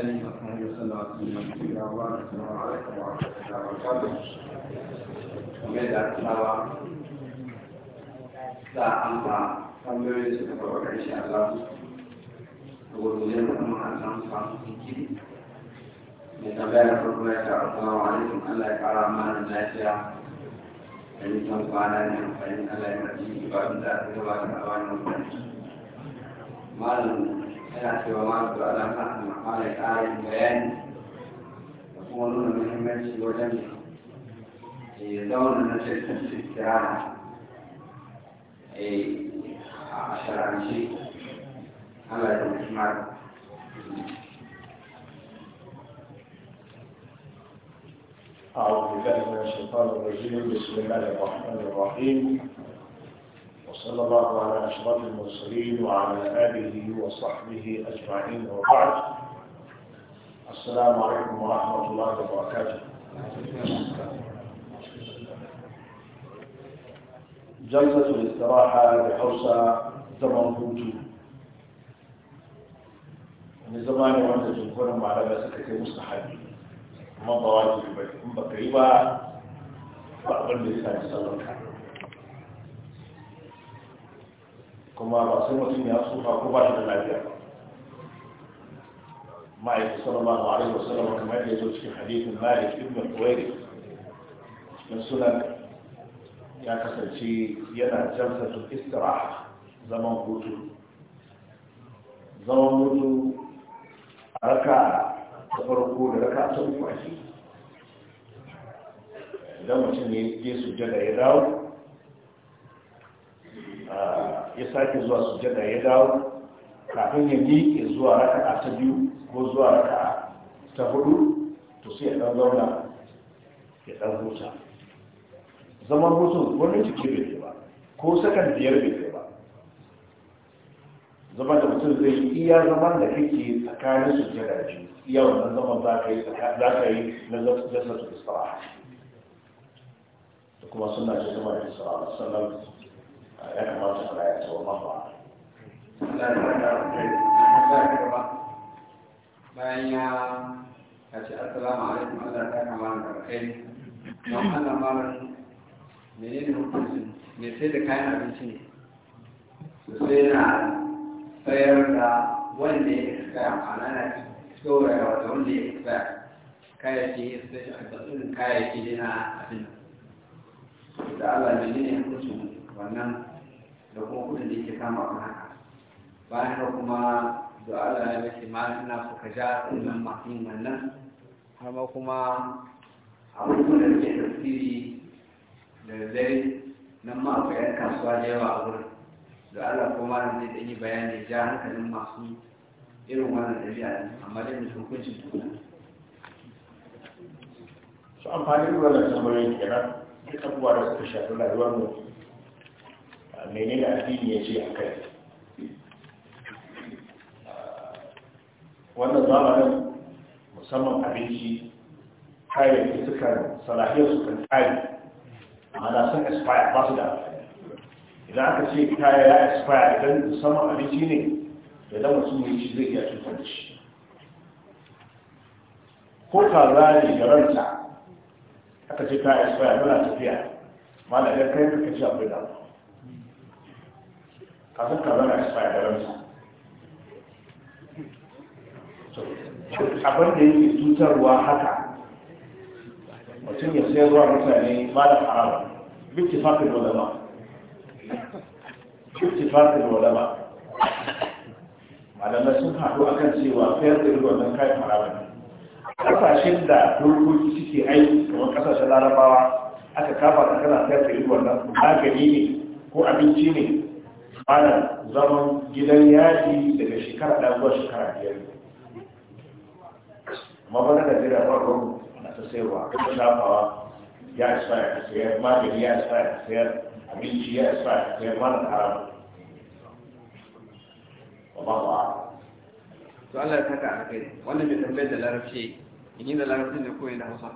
آله وصحبه وسلم تسليما كثيرا وبارك السلام عليكم ورحمة الله وبركاته ومن أتلاوى لا أنت tambayoyin suka faru da insha Allah a gurgurin da kuma an samu samu jinkiri mai tambaya farko ya ce assalamu alaikum Allah ya kara mana lafiya da nisan kwana ne amfani Allah ya karbi ibadun da malam yana cewa malam da alam na malam ƙarin bayani da kuma nuna muhimmanci wajen zauna na cikin sikirana a sharanci Allah ya tafi malam أعوذ بالله من الشيطان الرجيم بسم الله الرحمن الرحيم وصلى الله على أشرف المرسلين وعلى آله وصحبه أجمعين وبعد السلام عليكم ورحمة الله وبركاته جلسة الاستراحة بحوسة زمن هوتو من زمان وانا جمهور معلمة سكتي مستحبي ما ضواجب بك أم بكريبا فأقول السلام عليكم kuma ba sai mutum ya tsufa ko ba shi da lafiya ba ma'aikata sallallahu alaihi wasallam kamar da ya zo cikin hadithin malik ibn kuwairi cikin sunan ya kasance yana jalsatul istiraha zaman hutu zaman hutu a raka ta farko da raka ta uku a idan mutum ne ya sujjada ya dawo ya sake zuwa sujada ya dawo kafin ya miƙe zuwa raka'a ta biyu ko zuwa raka'a ta hudu to sai ya dan zauna ya dan huta zaman hutun wani ciki bai ba ko sakan biyar bai ba zama da mutum zai yi iya zaman da kake tsakanin sujada biyu iya wannan zaman za ka yi za ka yi na zasa su da kuma suna ce zama da sallallahu sannan ya bayan ya kaci assalamu alaikum Allah ta kama kai mai sai da kayan abinci ne sosai sayar da wanda ya ana na tsoraya da ya kayayyaki especially a irin da Allah menene hukuncin wannan da kuma kudin da yake kama a haka bayan haka kuma da Allah ya bace ma ina so ka ja masu yin wannan har ma kuma abubuwan da ke tasiri da zai nan ma akwai yan kasuwa da yawa a wurin da Allah kuma da zai ɗanyi bayani ja hankalin masu irin wannan ɗabi'a amma dai mutum hukuncin tukuna amfani da wannan tambayoyin kenan duk abubuwa da suka shafi rayuwar mu menene addini ya ce a kai wannan zamanin musamman abinci kayayyaki sukan salahiyar su kan tsari ma'ana sun expire ba su da idan aka ce kayan ya expire idan musamman abinci ne da dama sun yi ci zai iya cutar shi ko kaza ne da ranta aka ce ta expire muna tafiya ma da ɗan kayan kakashi da damuwa kafin ka zana expire da abin da yake cutarwa haka mutum ya sayar wa mutane ba da haram bittifafin ulama bittifafin ulama malamai sun haɗu kan cewa sayar da irin wannan kayan haramun ƙasashen kasashen da dokoki suke aiki kamar ƙasashen larabawa aka kafa ta kana sayar da irin wannan magani ne ko abinci ne ana zaman gidan yaji daga shekara ɗaya zuwa shekara biyar mabana da jira farko na ta sayarwa ta shafawa ya isa ya sayar magani ya isa ya sayar abinci ya isa ya sayar mana haram ba ba ba to Allah ya saka a kai wannan mai tambayar da larabci in da larabci ne ko da hausa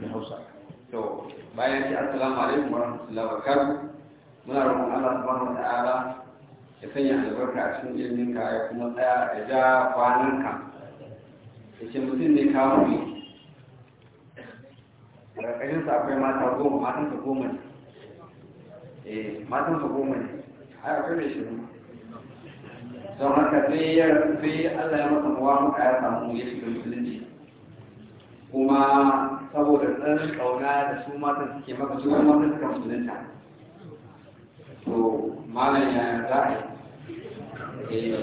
da hausa to bayan ce assalamu alaikum warahmatullahi wabarakatuh muna roƙon Allah subhanahu wa ta'ala ya sanya albarka a cikin ilimin ka ya kuma tsaya ya ja kwanan ka ya ce mutum ne ne a ƙarƙashin sa akwai mata goma matan ka goma ne eh matan ka goma ne ai akwai mai shiru don haka sai ya sai Allah ya masa muwa muka ya samu ya shiga musulunci kuma saboda tsarin kauna da su matan suke maka su kuma matan suka musulunta to malam ya za a yi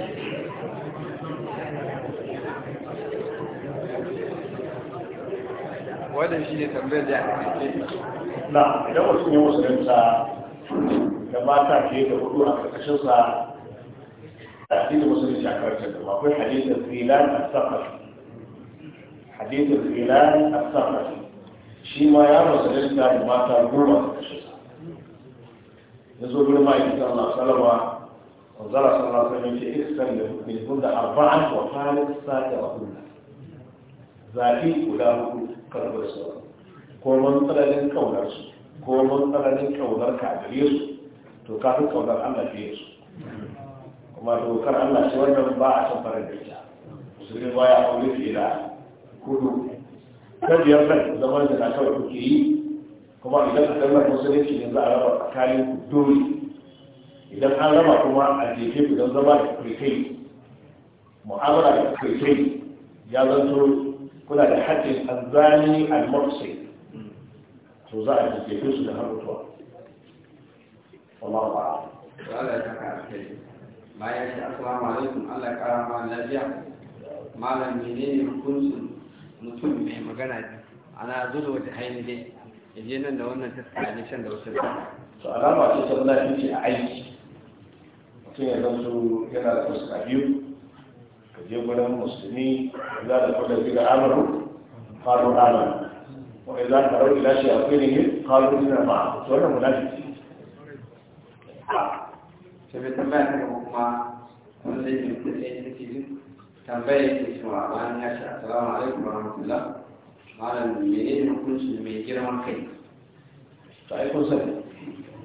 wadda shi ne tambayar da ake na idan wasu ne wasu danta da mata fiye da hudu a karkashin sa a cikin musulunci a karshen da akwai hadisin filan a safar hadisin filan a safar shi ma ya musulunta da mata goma karkashin ya zo gurin ma'aikin sallah salama wanzara sallah sallah ya ce iskan da hukumin hunda arba'an wa falis sata wa hunda zafi guda hudu karbar sauran ko mun tsananin kaunar su ko mun tsananin kaunar ka gare su to ka fi kaunar allah fiye su kuma dokar allah ce wannan ba a san farar da ita musulmi ba ya aure fiye da kudu na biyar nan zaman da na kawai kuke yi kuma idan kalmar musulunci ne za a raba tsakanin dole idan an raba kuma a jefe ku don zama da kai mu'amala da kai ya zanto kuna da haƙƙin azani al-mursi to za a jefe su da harbutuwa wallahu ba Allah ya saka kai bayan shi assalamu alaikum Allah ya kara ma lafiya malam menene hukuncin mutum mai magana ana zuwa da haini dai ya je nan da wannan tattara ne can da wasu to alama ce ta munafici a aiki mutum ya zanto yana da fuska biyu ka je gudan musulmi za da kudin gida amuru faru amuru wa idza qara'u ila shay'in qalu inna ma to wannan munafiki sai bai tambaya ta gaba kuma wanda yake kudin tambaya tambayar yake cewa bayan ya shi. assalamu alaikum warahmatullahi malam menene hukuncin mai girman kai to ai kun sani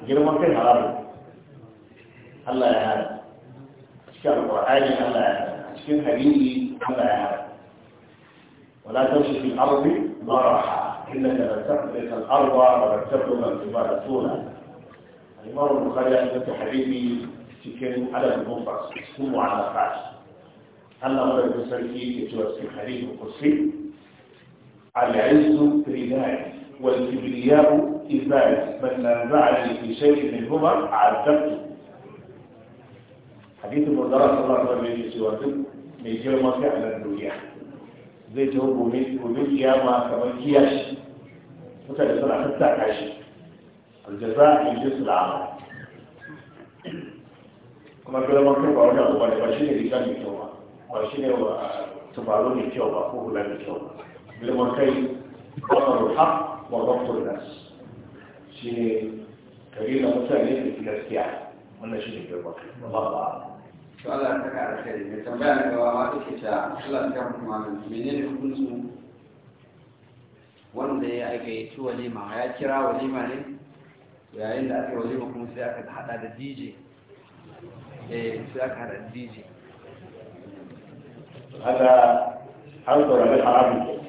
girman kai haramun Allah ya hada cikin alƙur'ani Allah ya hada cikin hadisi Allah ya hada wala tamshi fil ardi maraha innaka lan tahbita al arda wa lan tabluga al jibala tula al-imam al-bukhari ya hada hadisi cikin adab al-mufrad cikin mu'allaqat Allah madaukakin sarki ke cewa cikin hadisi kursi العز رداعي والكبرياء إذباعي من نزعني في شيء منهما عذبته حديث المرضى صلى الله عليه وسلم يجي وقت ميجي وما في على الدنيا زي تهب وميت يا ما كمان كياش وتجي صلاة حتى عشي الجزاء في يجلس العمل كما قال ما كيف أولا أولا بشيني لكان يتوما بشيني تبالوني كيوبا فوه لكي كيوبا لمرتين ظهر الحق وضبط الناس شيء كبير مثلا ليه في الاستياء يعني. ولا شيء في البطن والله اعلم سؤال لك على خير يتبعنا جواباتك الله يكرمك مع المؤمنين يكون اسمه wanda ya gayyaci walima ya kira walima ne yayin da aka walima kuma sai aka hada da dj eh sai aka hada da dj hada an tsoron haramun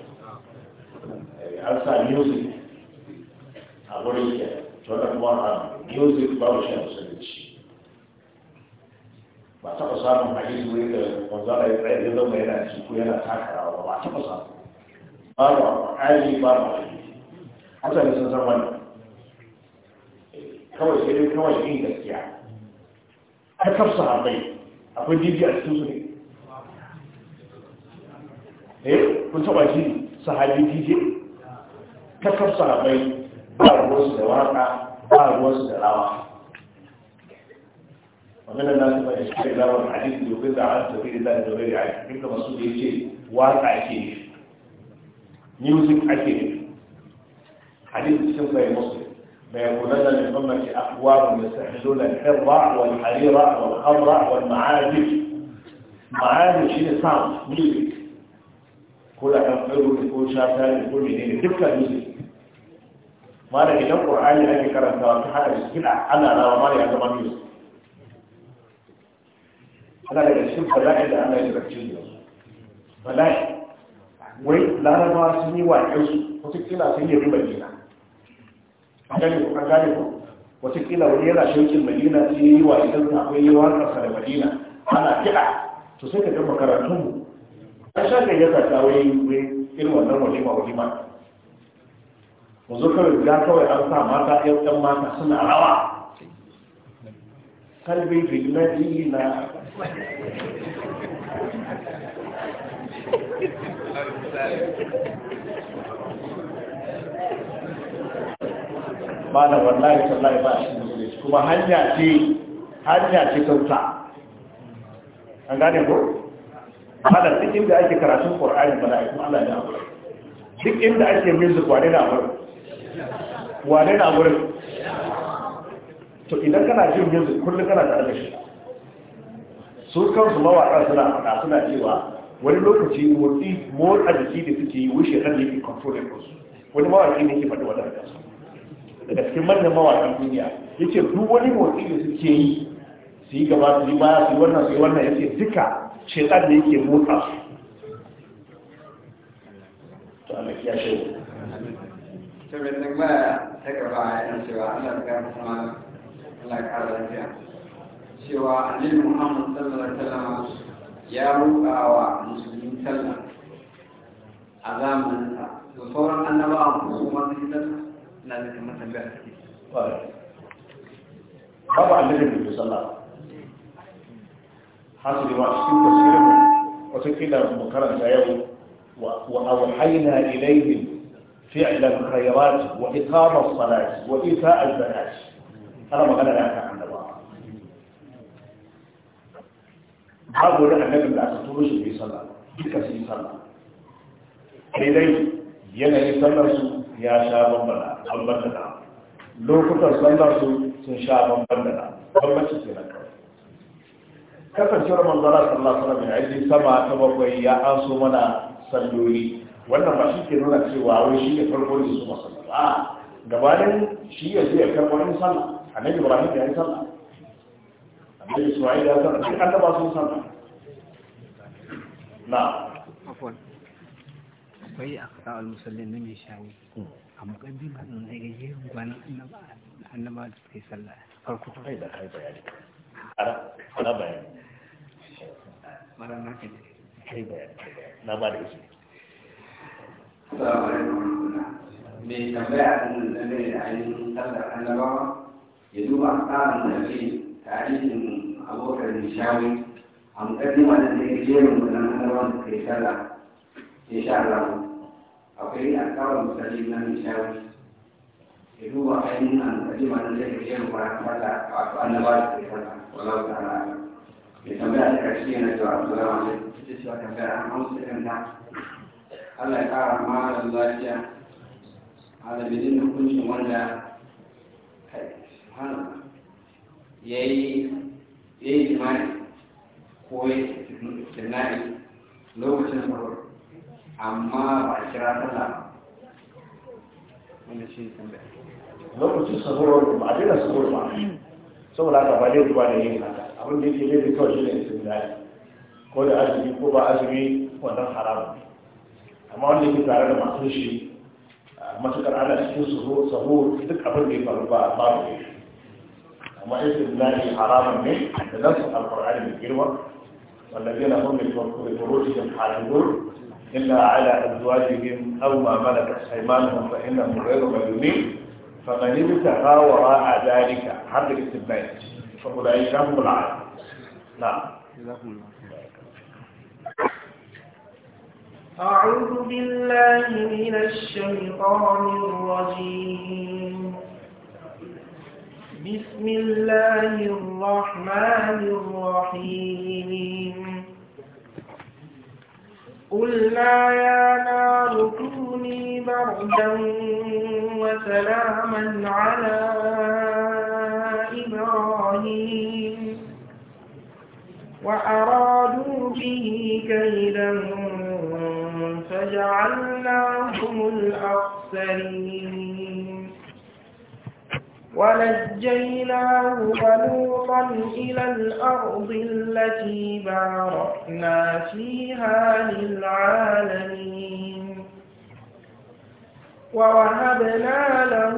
an sa music a wurin ke tunan wara music babu shi a musulunci ba taɓa samun hadisi wuri da wanzara ya tsaye ya zama yana ci ko yana taka takarawa ba ba taɓa ba, ba aji ba hadisi mutane sun san wani. kawai sai dai kawai yin gaskiya har kaf sahabai. akwai jibi a cikin su ne eh kun taɓa ji sahabi jibi ta fassara bai ba ruwansu da waka ba ومن الناس من يشتري له الحديث ليضل عن سبيل الله بغير علم ابن مسعود يجي واقع كيف ميوزك اكيد حديث السنه مسلم ما لنا من امه اقوام يستحلون الحرة والحريرة والخضرة والمعازف معازف شيء صعب ميوزك كل كم حلو يكون يقول يكون منين تبقى ميوزك Mana idan qur'ani ake karanta ta hada gida ana rawa mara ya zama biyu ana daga cikin bala'i da ana yi rakci da bala'i wai larabawa sun yi waƙe wasu kila sun yi ribar jina an gane ko an gane ko wasu kila wani yana shaukin madina sai yi wa idan akwai yi waƙarsa da madina ana kiɗa to sai ka ga makarantunmu an sha yasa ta wai irin wannan walima walima mu zo kawai ga kawai an sa mata yau ɗan mata suna rawa kalbi rigimadi na Ba da wallahi tallahi ba shi ne kuma hanya ce hanya ce sauta an gane ko hada duk inda ake karatun qur'ani mala'iku Allah ya aure duk inda ake mizu wani na aure wane na wurin to idan kana jin yanzu, kullum kana tare da shi su kansu mawaƙa suna faɗa suna cewa wani lokaci motsi motsa jiki da suke yi wuce kan yake controlling su wani mawaƙi ne ke faɗi wadda da daga cikin manyan mawaƙan duniya ya ce duk wani motsi da suke yi su yi gaba su yi baya su yi wannan su yi wannan ya ce duka shaitan da yake motsa su to Allah ya تبي انك ما تقرا عن سوى ان الافكار مسلمان لك على الانبياء سوى نبي محمد صلى الله عليه وسلم يا روح اوى مسلمين سلم عظام الانسان وصورا ان بعض الخصوم طيب. هذه الدفعه لازم ما تنبه طبعا النبي صلى الله عليه وسلم حصل واشتم تسليما وتكلم مكرم سيغل واوحينا اليهم فعل الخيرات وإقام الصلاة وإيفاء البنات أنا ما قال لك عن الله بعض لنا نبي لا تطوش في صلاة بك في صلاة إليه ينهي صلاة يا شاب ربنا ربنا لو كنت صلاة شاب ربنا ربنا تسير لك كيف تسير من ضلال الله صلى الله عليه وسلم يا عزيز سمع كما قوي يا عاصمنا صلوا لي wannan ba shi ke nuna cewa wai shi ne farko ne su masu ba gabanin shi ya zai karɓar wani sallah annabi ne ya yi sallah annabi da sana sallah an annaba sun sallah na afwan akwai a al musallin na mai shayi a muqaddima din ne ga yin gwanin annaba annaba da suke sallah farko kai da kai bayani ara ana bayani mara na kai bayani na ba da izini السلام عليكم ورحمة الله بتبع الأمير علي المصدر أن بعض يدور أخطاء في تعريف أبو بكر النشاوي عن مقدمة التي كثير من الأمراض في شرع في شرع أو في أخطاء المستجيب من النشاوي يدور أن المقدمة التي كثير من الأمراض أو النبات في شرع والله تعالى بتبع الكرسي نجوى السلام عليكم. Allah ya kara malam lafiya alamin hukuncin wanda ya yi jima'i ko ya tunani lokacin sahur amma ba a kira sallah wanda shi tambaya lokacin sahur ba a dina sahur ba saboda haka ba dai ruwa da yin haka abin da yake zai kawai shi ne sun ko da azumi ko ba azumi wannan haramun amma wanda yake tare da masu shi matukar ana cikin sahur duk abin da ya faru ba ba ne amma isin lahi haramun ne da nasu alkur'ani mai girma والذين هم لفروجهم حافظون إلا على أزواجهم أو ما ملكت أيمانهم فإنهم غير مديونين فمن ابتغى وراء ذلك حد الاستبان فأولئك هم العالم نعم أعوذ بالله من الشيطان الرجيم بسم الله الرحمن الرحيم قلنا يا نار كوني بردا وسلاما على إبراهيم وأرادوا به كيدا فجعلناهم الأخسرين ونجيناه ولوطا إلى الأرض التي باركنا فيها للعالمين ووهبنا له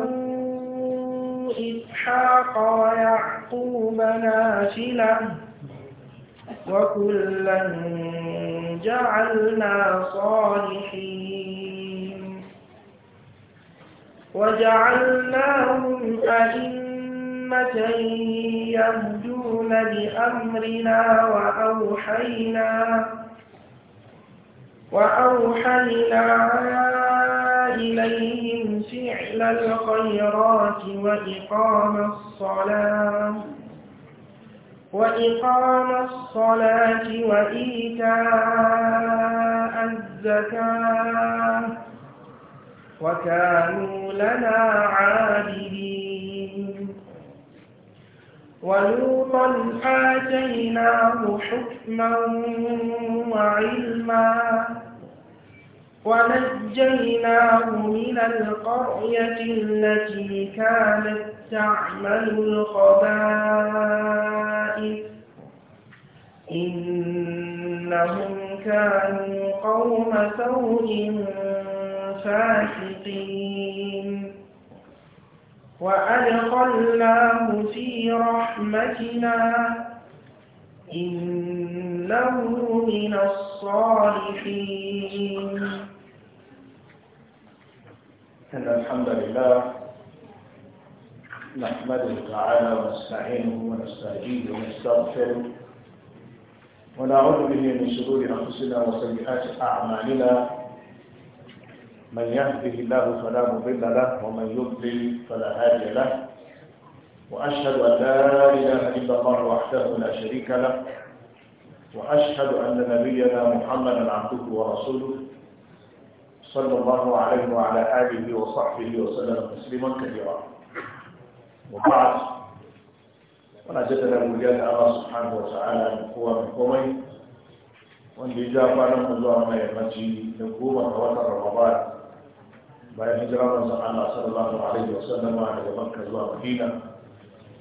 إسحاق ويعقوب نافلة وكلا جعلنا صالحين وجعلناهم أئمة يهدون بأمرنا وأوحينا وأوحينا إليهم فعل الخيرات وإقام الصلاة وإقام الصلاة وإيتاء الزكاة وكانوا لنا عابدين ولوطا آتيناه حكما وعلما ونجيناه من القرية التي كانت تعمل الخبائث إنهم كانوا قوم سوء فاسقين وأدخلناه في رحمتنا إنه من الصالحين إن الحمد لله نحمده تعالى ونستعينه ونستهديه ونستغفره ونعوذ به من شرور أنفسنا وسيئات أعمالنا من يهده الله فلا مضل له ومن يضلل فلا هادي له وأشهد أن لا إله إلا الله وحده لا شريك له وأشهد أن نبينا محمدا عبده ورسوله صلى الله عليه وعلى آله وصحبه وسلم تسليما كثيرا وبعد ولا جدنا مجال الله سبحانه وتعالى من قوة من قومين وان بيجا فانا منذ أن يمتي نقوم الرواد رمضان. بعد هجرة من سبحانه صلى الله عليه وسلم على مكة زوا مدينة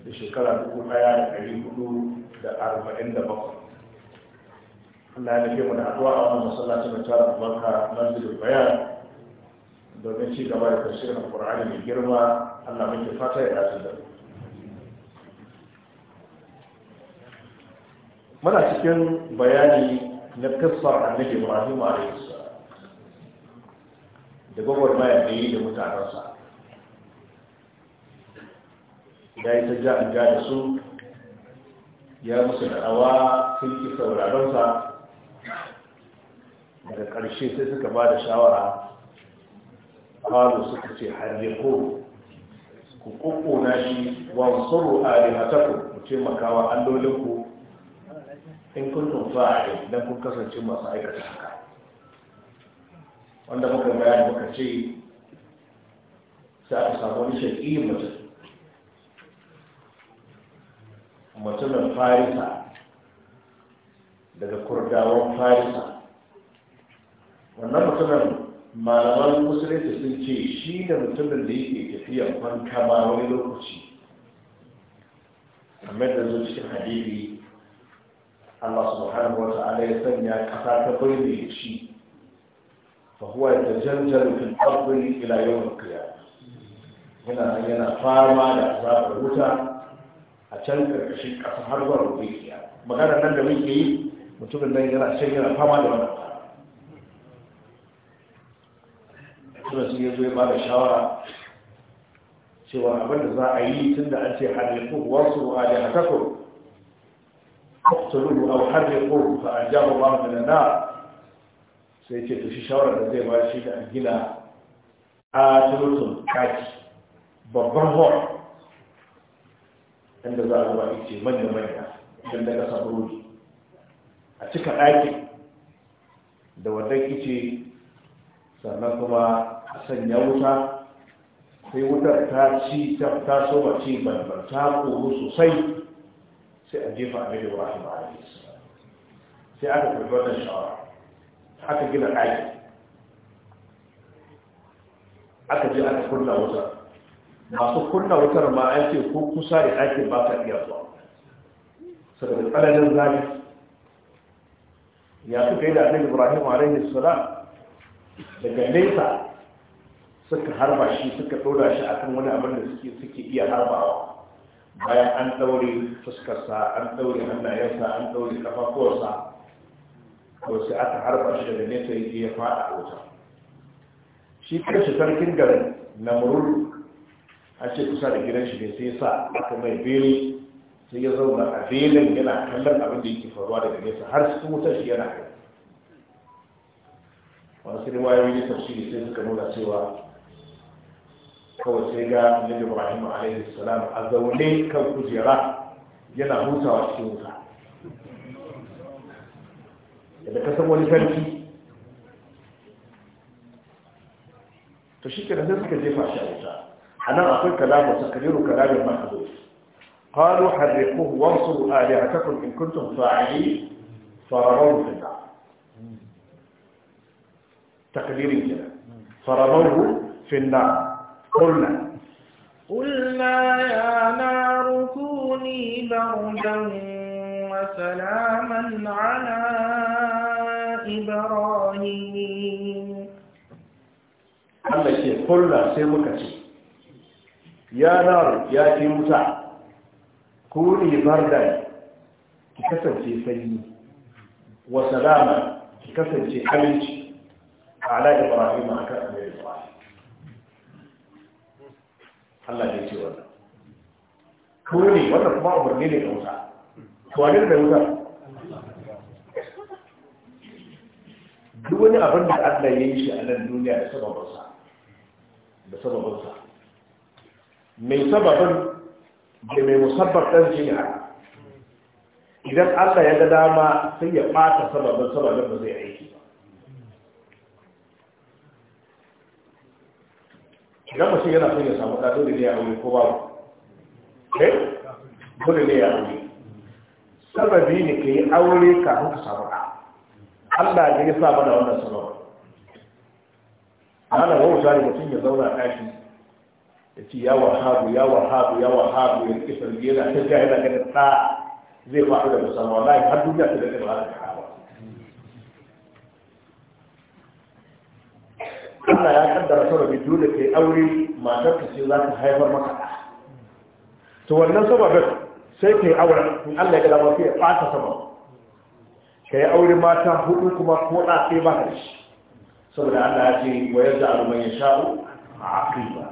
بشكرة كل حياة كريم كل أربعين دقيقة Allah ya nufi mu da addu'a a wannan masallaci mai tara albarka masjidul bayan domin ci gaba da tafsirin mai girma Allah muke fata ya dace da muna cikin bayani na kissar annabi Ibrahim alaihi salam da gwagwarmaya da yi da mutanensa ya yi ta ja da su ya musu da'awa sun ki sauraronsa daga ƙarshe sai suka ba da shawara kawo suka ce harriko ku kukkuna shi wa a alihataku ku ce makawa an allolinku in kuntum fa'il don kun kasance masu aikata haka wanda muka bayani muka ce sai a samu shaƙi mutum mutumin farisa daga kurdawan farisa wannan mutumin malaman musulunci sun ce shi ne mutumin da yake tafiya kwanka ma wani lokaci kamar da zo cikin hadisi Allah subhanahu wa ta'ala ya sanya kasa ta bayyana shi fa huwa yatajanjalu fil ardi ila yawm al-qiyamah yana yana fama da azabar wuta a can karkashin kasa har zuwa gobe magana nan da muke yi mutumin nan yana shan yana fama da wannan suna sun yanzu ya ba da shawara cewa abin da za a yi tun da an ce halittu wasu a da hataku ƙasaruru a halittu fa a jama ba da na sai ce to shi shawara da zai ba shi da an gina a turutun kaki babban hall inda za a zuba ice manya-manya don daga sabururi a cika ɗakin da wadda ice sannan kuma sanya wuta sai wutar ta ci ta taso ba ci barbar ta koru sosai sai a jefa a rage wa ba a sai aka karbi wannan shawara aka gina ɗaki aka je aka kunna wutar masu kunna wutar ma an ce ko kusa da ɗakin ba ka iya zuwa saboda tsananin zafi ya suka yi da annabi ibrahim alaihi salam daga nesa suka harba shi suka ɗora shi a kan wani abin da suke suke iya harbawa bayan an ɗaure fuskarsa an ɗaure hannayensa an ɗaure kafafuwarsa ko sai aka harba shi daga nesa yake ya faɗa a wuta shi kanshi sarkin garin na murul an ce kusa da gidan shi ne sai sa aka mai bere sai ya zauna a belin yana kallon abin da yake faruwa daga nesa har su wutar shi yana kai wasu yi ne tafsiri sai suka nuna cewa kawai sai ga annabi ibrahim alaihi salam a zaune kan kujera yana hutawa cikin wuta yadda ka san wani sarki to shi kenan sai suka jefa shi a wuta a nan akwai kalamu takriru kalamin mahzuf قالوا حرقوه وانصروا آلهتكم إن كنتم فاعلين فرموه في النار تقدير كده فرموه في النار قلنا قلنا يا نار كوني بردا وسلاما على إبراهيم Allah ce kulla sai muka ce ya nar ya ce wuta ku ne barda ki kasance sanyi wa salama ki kasance aminci ala ibrahim akan annabi ibrahim Allah ya ce wannan ko ne wannan kuma umarni ne ga wuta to da wuta duk wani abin da Allah ya yi shi a nan duniya da sababinsa da sababinsa mai sababin da mai musabbar ɗan jina idan Allah ya ga dama sai ya ɓata sababin sababin ba zai aiki ba idan mutum yana son ya samu ɗa da ne ya aure ko babu eh dole ne ya aure sababi ne ke yi aure kafin ka samu ɗa Allah ne ya sa mana wannan a ana wauta ne mutum ya zauna a ɗashi ya ci yawa wahabu yawa wahabu ya wahabu ya rike sarki yana ta jaya da ganin ɗa zai faɗi da musamman wallahi har duniya ta da ta ba Allah ya kaddara bi dole kai aure matar ka ce za ta haifar maka to wannan saboda sai kai aure, in Allah ya gada sai ya ɓata sabab kai aure mata hudu kuma ko da sai ba ka shi saboda Allah ya ce wa yadda alman ya sha'u a aqiba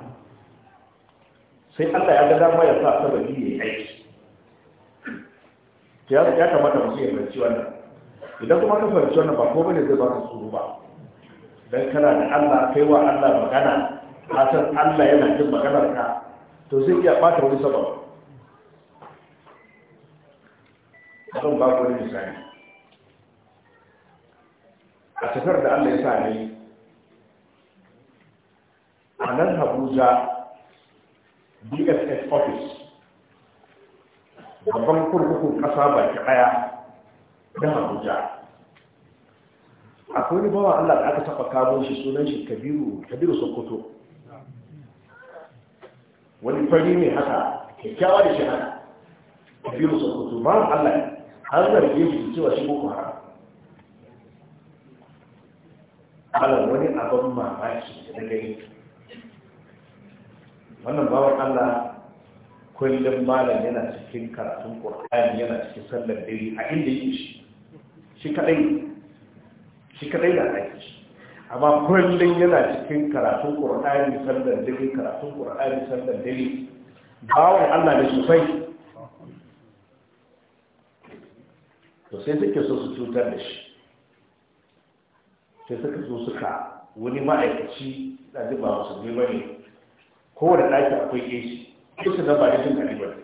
sai Allah ya gada ma ya sa sababi ya aiki ya kamata mu sai ya fahimci wannan idan kuma ka fahimci wannan ba ko bane zai baka tsoro ba dan kana da Allah kai wa Allah magana ka Allah yana jin maganar ka to zai iya bata wani sabab don ba ku misali a cikar da Allah ya sa ne a nan Abuja DSS office babban kurkukun kasa baki ɗaya na Habuja. akwai wani bawa Allah da aka taɓa kamo shi sunan shi kabiru kabiru sokoto wani fari ne haka kyakkyawa da shi haka kabiru sokoto ba Allah har zarge shi cewa shi boko haram Allah wani abin mamaki da gani wannan bawan Allah kullum malam yana cikin karatun ƙur'ani yana cikin sallar dare a inda yake shi shi kadai shi kadai na aiki amma kullum yana cikin karatun ƙur'ani sandan dare karatun ƙur'ani sandan dare bawon allah da sufai to sai suke so su cutar da shi sai suka so suka wani ma'aikaci da ba wasu ne ba ne kowane ɗaki akwai ƙeshi ƙeshi na ba da jin ƙari ba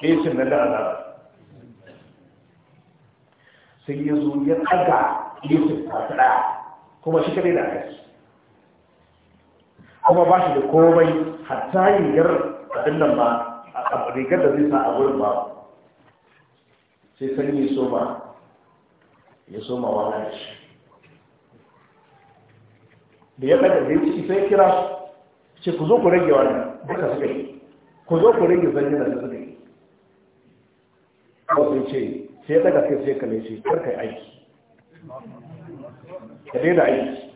ƙeshin na da azaba sai ya zo ya ɗaga yusuf masu ɗaya kuma shi kadai da aka kuma ba shi da komai hatta rigar abin nan ba a rigar da zai sa a wurin ba sai sanyi ya soma ya soma wala shi da ya ɗaga da ya ciki sai kira ce ku zo ku rage wani, duka suka yi ku zo ku rage zanyi da suka yi kawai sai ce sai ya ɗaga sai sai kalle ce yi aiki ka daina aiki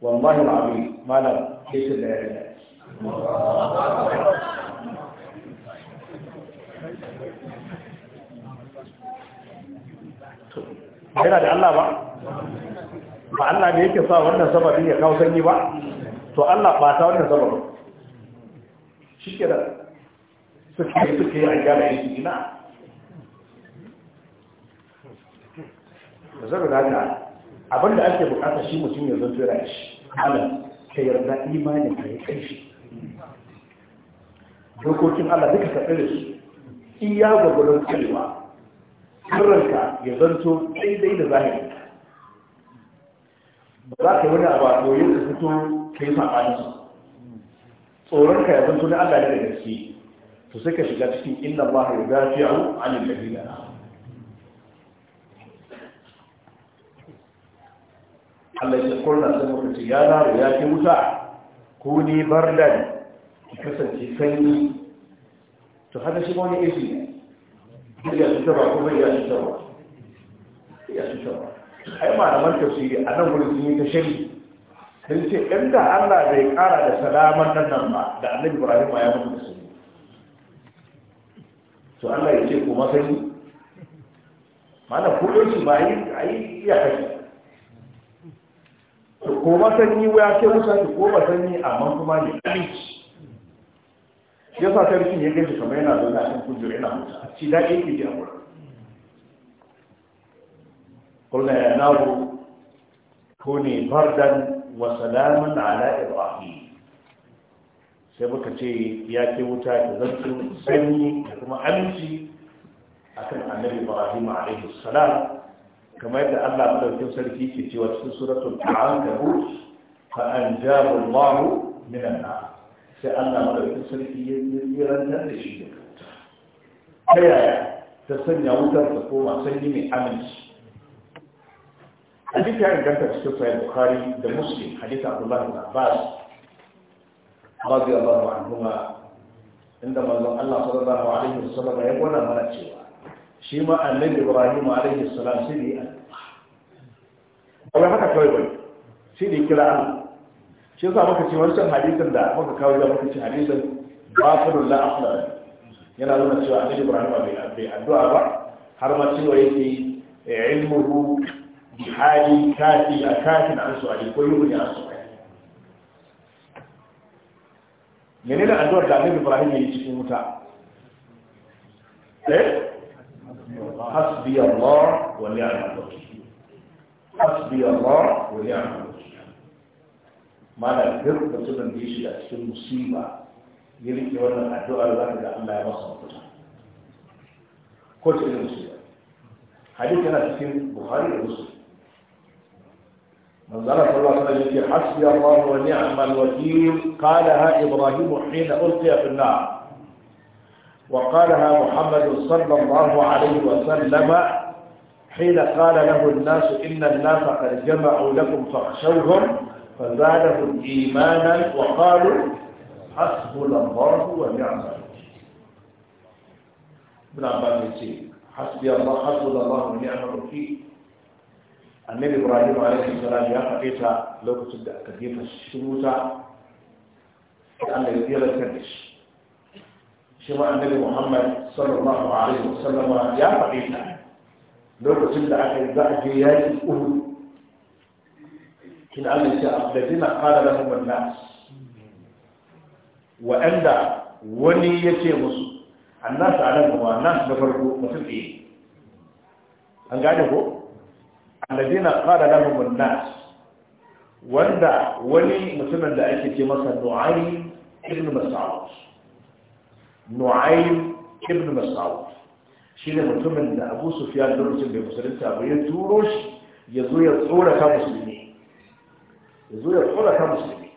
wallahi al'azim malam kishin da ya rage yana da Allah ba ba Allah ne yake sa wannan sababi ya kawo sanyi ba to Allah ba ta wannan sababin shi ke da suke suke a gyara yanki ina da saboda haka abin da ake bukata shi mutum ya zanto yana shi Allah ka yarda imanin ka ya kai shi dokokin Allah duka ka tsare su iya gwagwaron tsarewa karranka ya zanto daidai da zahiri ba za ka wani abu a koyon ka fito ka yi saɓanin su tsoronka ya zanto na Allah ne da gaske to sai ka shiga cikin inna Allah ya gafiya anil ladina amanu Allah ya kurna sai muka ce ya naro ya ke wuta ko ni bardan ki kasance sanyi to haka shi wani isi ne ya shi taba kuma ya shi taba ya shi taba ai su yi a nan wurin sun yi ta shari sun ce inda Allah bai kara da salaman nan nan ba da annabi Ibrahim ya mutu da su to Allah ya ce kuma sanyi mana kudin shi ba yi a yi iya kai ko masanni ya ce musa ko masanni amma kuma ni aminci ya sa sarkin ya gaji kamar yana zaune a kan kujera yana musa ci da yake ji a wurin قلنا ko ne كوني wa Salamun Ala ابراهيم sai muka ce ya ke wuta ta zarto sanyi da kuma aminci akan annabi ibrahim alaihi salam kamar yadda Allah madaukakin sarki ke cewa cikin suratul ankabut fa anjahu Allah min an-nar sai Allah madaukakin sarki ya yirantar da shi da ta yaya ta sanya wutar ta koma sanyi mai aminci hadith ya inganta cikin sahih bukhari da muslim hadith abdullah ibn abbas radiyallahu anhuma inda manzon Allah sallallahu alaihi wasallam ya gwada mana cewa shi ma annabi ibrahim alaihi salam shi ne addu'a haka kawai bai shi ne kira Allah shi yasa muka ce wancan hadisin da muka kawo da muka ce hadisin bafirul la akhlaq yana nuna cewa annabi ibrahim bai addu'a ba har ma cewa yake eh, ilmuhu bi hali kafi a kafin an su'ali ko yuhni an su menene addu'ar da annabi ibrahim ya yi cikin wuta eh حسبي الله ونعم الوكيل حسبي الله ونعم الوكيل ما نذكر بسبب ديش مصيبة المصيبة يلي كيوانا الدعاء الله إلا أن لا يبصر بسبب كل المصيبة حديث أنا في بخاري ومسلم من ظلم صلى الله عليه وسلم حسبي الله ونعم الوكيل قالها إبراهيم حين ألقي في النار وقالها محمد صلى الله عليه وسلم حين قال له الناس إن الناس قد جمعوا لكم فاخشوهم فزادهم إيمانا وقالوا حسبنا الله ونعم ابن عباس يقول حسبي الله حسبنا الله ونعم الوكيل النبي ابراهيم عليه السلام يا حقيقه لو كنت da aka jefa shi wuta da shi ma annabi muhammad sallallahu alaihi wasallam ya faɗi ta lokacin da aka yi za a je yaƙi uhud kin Allah ya alladina qala lahum an-nas wa'anda wani yace musu annas anan kuma annas na farko mutum ɗaya an gane ko alladina qala lahum an-nas wanda wani mutumin da ake ce masa du'ai ibn mas'ud nu'aym ibn mas'ud shine mutumin da abu sufyan lokacin da musulunta ba ya turo shi ya zo ya tsora ka musulmi ya zo ya tsora ka musulmi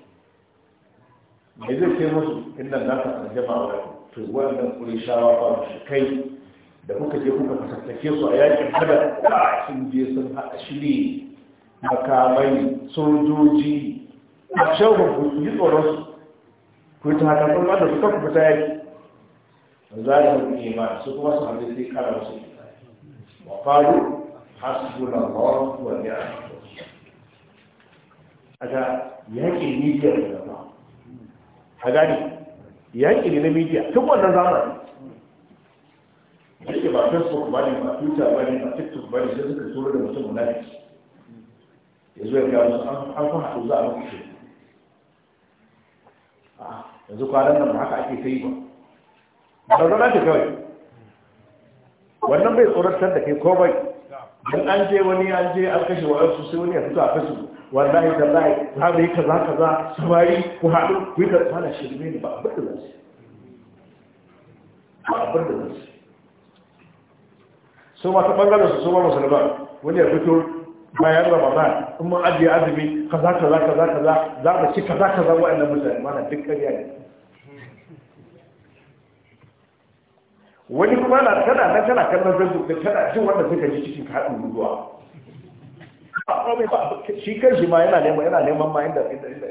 mai zai ce musu inda na ka tarjama wa to wannan kurishawa ba su kai da kuka je kuka fasattake su a yakin badar da sun je sun haɗa shiri makamai sojoji a shagon ku yi tsoron su ku yi ta hakan sun da suka kuka ta yaki zalihul iman su kuma su hadisi sai kara musu wa qalu hasbunallahu wa ni'mal wakeel aga yake media da ba a gani yaƙi ne na media tun wannan zamanin yake ba facebook ba ne ba twitter ba ne ba tiktok ba ne sai suka turo da mutum munafiki ya zo ya ga musu an kuma haɗu za a mutu yanzu kwanan nan ba haka ake kai ba barazana ce kawai wannan bai tsoratar da kai komai don an je wani an je an kashe wa'ansu sai wani ya fito a kasu wallahi tallahi za mu yi kaza kaza samari ku haɗu ku yi kaza na shirme ne ba abin da za su ba abin da za su so masu ɓangaren su so musulman wani ya fito bayan ramadan in mun ajiye azumi kaza kaza kaza kaza za mu ci kaza kaza wa'annan mutane mana duk ƙarya ne wani kuma na tana na tana kallon facebook da tana jin wanda suka ji cikin haɗin ruwa shi kan shi ma yana neman yana neman ma inda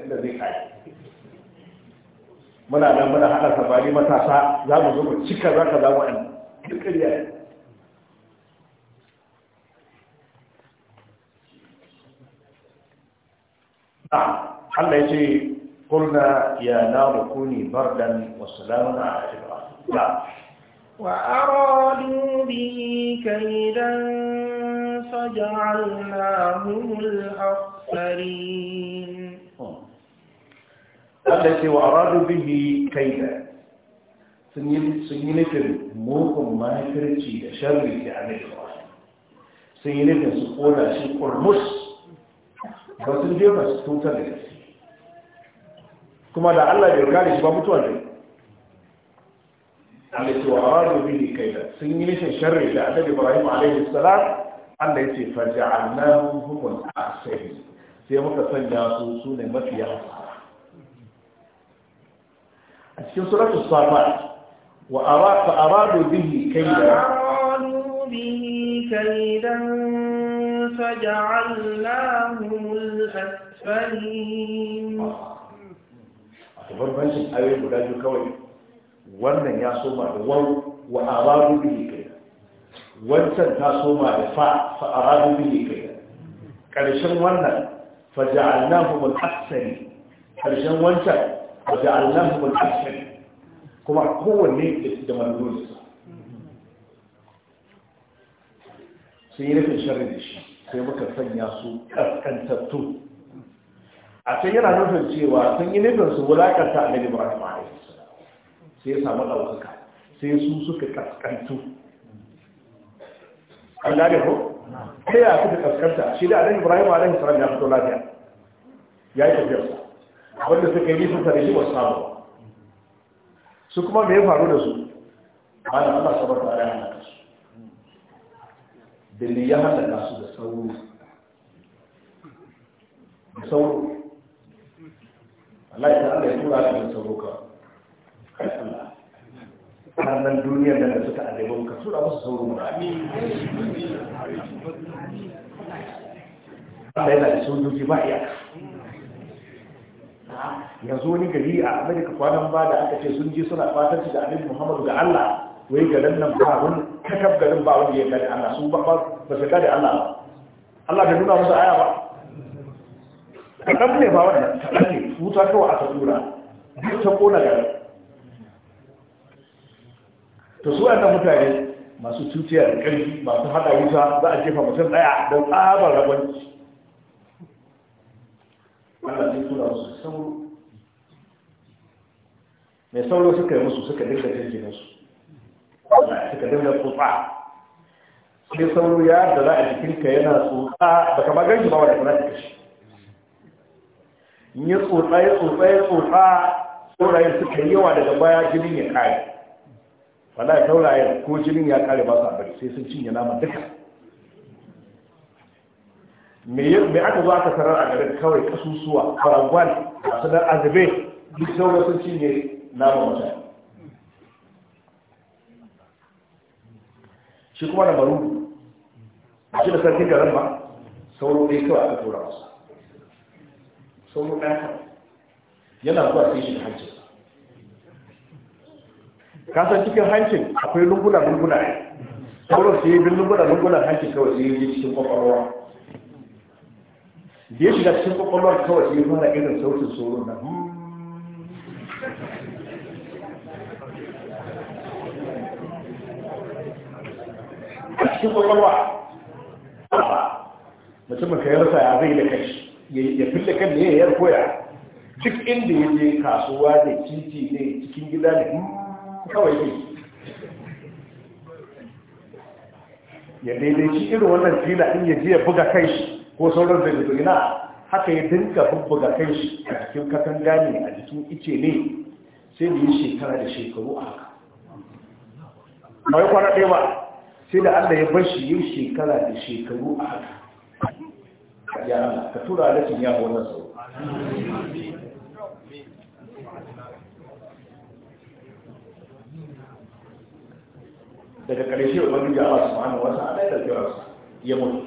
inda zai kai muna nan muna hada sabari matasa za mu zo mu cika za ka zama an duk ƙarya Allah ya ce قلنا يا نار كوني بردا وسلاما على إبراهيم وأرادوا به كيدا فجعلناهم الأخسرين التي وأرادوا به كيدا sun yi nufin mugun makirci da sharri da annabi sun yi nufin su kona shi kurmus ba sun je ba su tutar da kuma da Allah bai kare shi ba mutuwa ne Allah ya ce wa aradu sun yi nishin sharri da annabi Ibrahim alaihi salam Allah ya ce faja'alnahum humul akhsarin sai muka sanya su su ne mafiya a cikin suratul safat wa aradu aradu bihi kaida به كيدا فجعلناهم الأسفلين أتبر بنشن guda biyu kawai. wannan ya soma da wa wa aradu bihi kaida Wannan ta soma da fa fa aradu bihi kaida karshen wannan fa ja'alnahum al-aksari karshen wannan, fa ja'alnahum al-aksari kuma kowanne da manzuri Sai yi nufin sharri da shi sai muka sanya su kaskantattu a can yana nufin cewa sun yi nufin su wulakanta a nabi ibrahim alaihi sai ya samu ɗaukaka sai su suka kaskantu an gane ko ta ya suka kaskanta shi da adan ibrahim adan Isra'il ya fito lafiya ya yi tafiyarsa wanda suka yi nisan tare shi wasu samu su kuma me ya faru da su ba da allah sabar da alaihi hana su dalli ya hana su da sauro da sauro Allah ya ta da ya tura da sauro kawai kanan duniya da suka azabu ka tura musu sauro mu amin Allah yana da sojoji ba iyaka yanzu wani gari a Amerika kwanan ba da aka ce sun je suna fatar da amin Muhammadu ga Allah wai garin nan ba wani kakab garin ba wanda ya gani Allah su ba ba su gani Allah ba Allah bai nuna musu aya ba kaɗan ne ba wannan kaɗan ne wuta kawai aka tura duk ta kona garin to su wannan mutane masu cuciya da ƙarfi masu haɗa wuta za a jefa mutum ɗaya don tsabar rabanci Allah sai tura musu sauro mai sauro suka yi musu suka dinga jirgin su suka dinga tsotsa sai sauro ya da za a jikinka yana tsotsa da kama ganshi ba wanda kuna ta kashi in ya tsotsa ya tsotsa ya tsotsa saurayin suka yi yawa daga baya jinin ya kare wallahi taurayi ko jinin ya kare ba su bari sai sun cinye nama duka me aka zo aka tarar a garin kawai kasusuwa faragwan masu dan azabe duk sauran sun cinye nama wata shi kuma da baru a shi da sarkin garin ba sauro ɗaya kawai aka tura masa sauro ɗaya yana zuwa sai shi da hajji kasan cikin hancin akwai lunguna lunguna ne sauro su yi bin lunguna lunguna hancin kawai su yi cikin kwakwalwa da ya shiga cikin kwakwalwa kawai su yi fara irin sautin sauro na hmm. a cikin kwakwalwa mutumin ka rasa ya zai da kai ya fita kan ne ya koya duk inda ya je kasuwa da titi ne cikin gida ne hmm. kawai ne ya daidaici irin wannan fila in ya je ya buga kai shi ko sauran da duk na haka ya dinka bubbuga kai shi a cikin katon gani a jikin ice ne sai da yi shekara da shekaru a haka Ma ya kwana ɗaya ba sai da allah ya bar shi yin shekara da shekaru a haka ya ka tura da cin yawon nasaru daga ƙarshe ubangiji Allah subhanahu wa ta'ala ya dauke su ya mutu